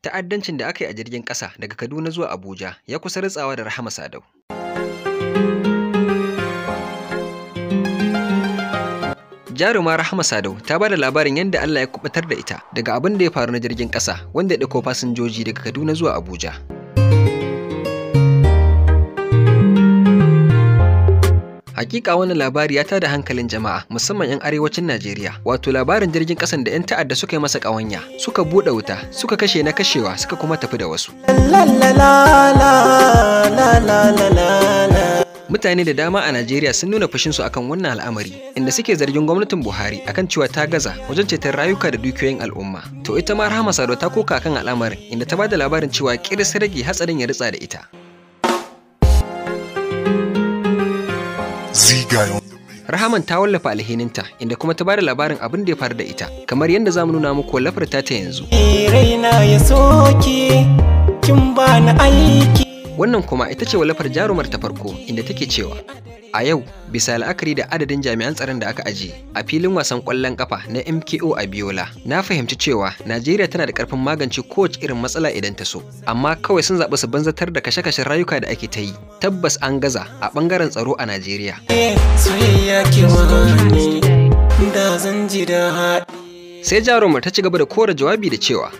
ta'addancin da aka yi a jirgin ƙasa daga Kaduna zuwa Abuja ya kusa ritsawa da Rahama Sadau. Jaruma Rahama Sadau ta ba da labarin yadda Allah ya kubutar da ita daga abin da ya faru na jirgin ƙasa wanda ya ɗauko fasinjoji daga Kaduna zuwa Abuja. Hakika wannan labari ya tada hankalin jama'a musamman 'yan arewacin Najeriya. Wato labarin jirgin kasan da 'yan ta'adda suka yi masa ƙawanya, suka buɗe wuta, suka kashe na kashewa, suka kuma tafi da wasu. mutane da dama a Najeriya sun nuna fushinsu akan wannan al'amari inda suke zargin gwamnatin Buhari akan cewa ta gaza wajen ceton rayuka da dukiyoyin al'umma. To ita ma Rahama Sado ta koka kan al'amarin inda ta ba da labarin cewa kiris rage hatsarin ya ritsa da ita. zigayen Rahaman ta wallafa alhininta inda kuma ta bada labarin abin da ya faru da ita kamar yadda za mu nuna muku wallafar ta ta yanzu. Eh, raina ya ke kin bani aiki. Wannan kuma ita ce wallafar jarumar ta farko inda take cewa A yau, bisa la'akari da adadin jami'an tsaron da aka aje a filin wasan ƙwallon ƙafa na MKO a Biola, na fahimci cewa Najeriya tana da ƙarfin magance kowace irin matsala idan ta so, amma kawai sun zaɓi su banzatar da kashe-kashen rayuka da ake ta yi. Tabbas an gaza a ɓangaren tsaro a Najeriya. Sai jarumar ta ci gaba da kora jawabi da cewa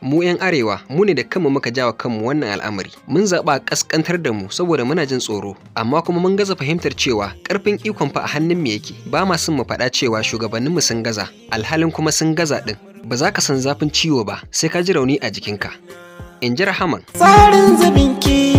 mu 'yan arewa mu ne da kanmu muka jawa kanmu wannan al'amari mun zaɓa ƙasƙantar da mu saboda muna jin tsoro amma kuma mun gaza fahimtar cewa ƙarfin ikon fa a hannun mu yake ba ma sun mu faɗa cewa mu sun gaza alhalin kuma sun gaza ɗin ba za ka san zafin ciwo ba sai ka ji rauni a jikinka in ji rahaman tsarin ki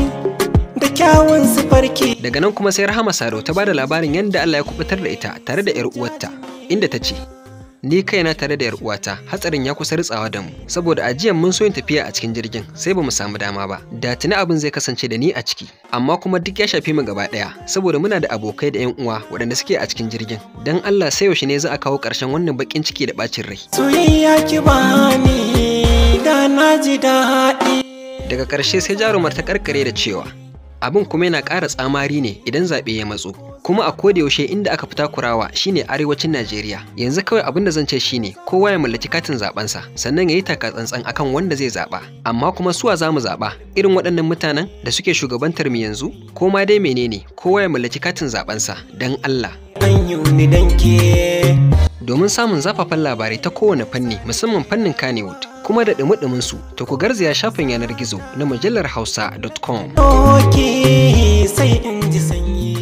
da kyawun sifarki daga nan kuma sai rahama sado ta bada labarin yadda allah ya kubutar da ita tare da 'yar uwarta inda ta ce ni kaina tare da 'yar uwata hatsarin ya kusa ritsawa da mu saboda ajiyan mun so yin tafiya a cikin jirgin sai bamu samu dama ba da tuni abin zai kasance da ni a ciki amma kuma duk ya shafi mu gaba daya saboda muna da abokai da 'yan uwa waɗanda suke a cikin jirgin dan Allah sai yaushe ne za a kawo ƙarshen wannan bakin ciki da ɓacin rai soyayya ki ba ni da na ji daɗi daga ƙarshe sai jarumar ta karkare da cewa abin kuma yana ƙara tsamari ne idan zaɓe ya matso kuma a kodayaushe inda aka fita kurawa shine arewacin najeriya yanzu kawai abin da zan ce shine kowa ya mallaki katin zaɓensa sannan ya yi taka tsantsan akan wanda zai zaɓa amma kuma suwa za mu zaɓa irin waɗannan mutanen da suke shugabantar mu yanzu ko ma dai menene kowa ya mallaki katin zaɓensa don allah domin samun zafafan labarai ta kowane fanni musamman fannin Kannywood. kuma da ɗumi su ta ku garzaya shafin yanar gizo na mujallar hausa.com. sai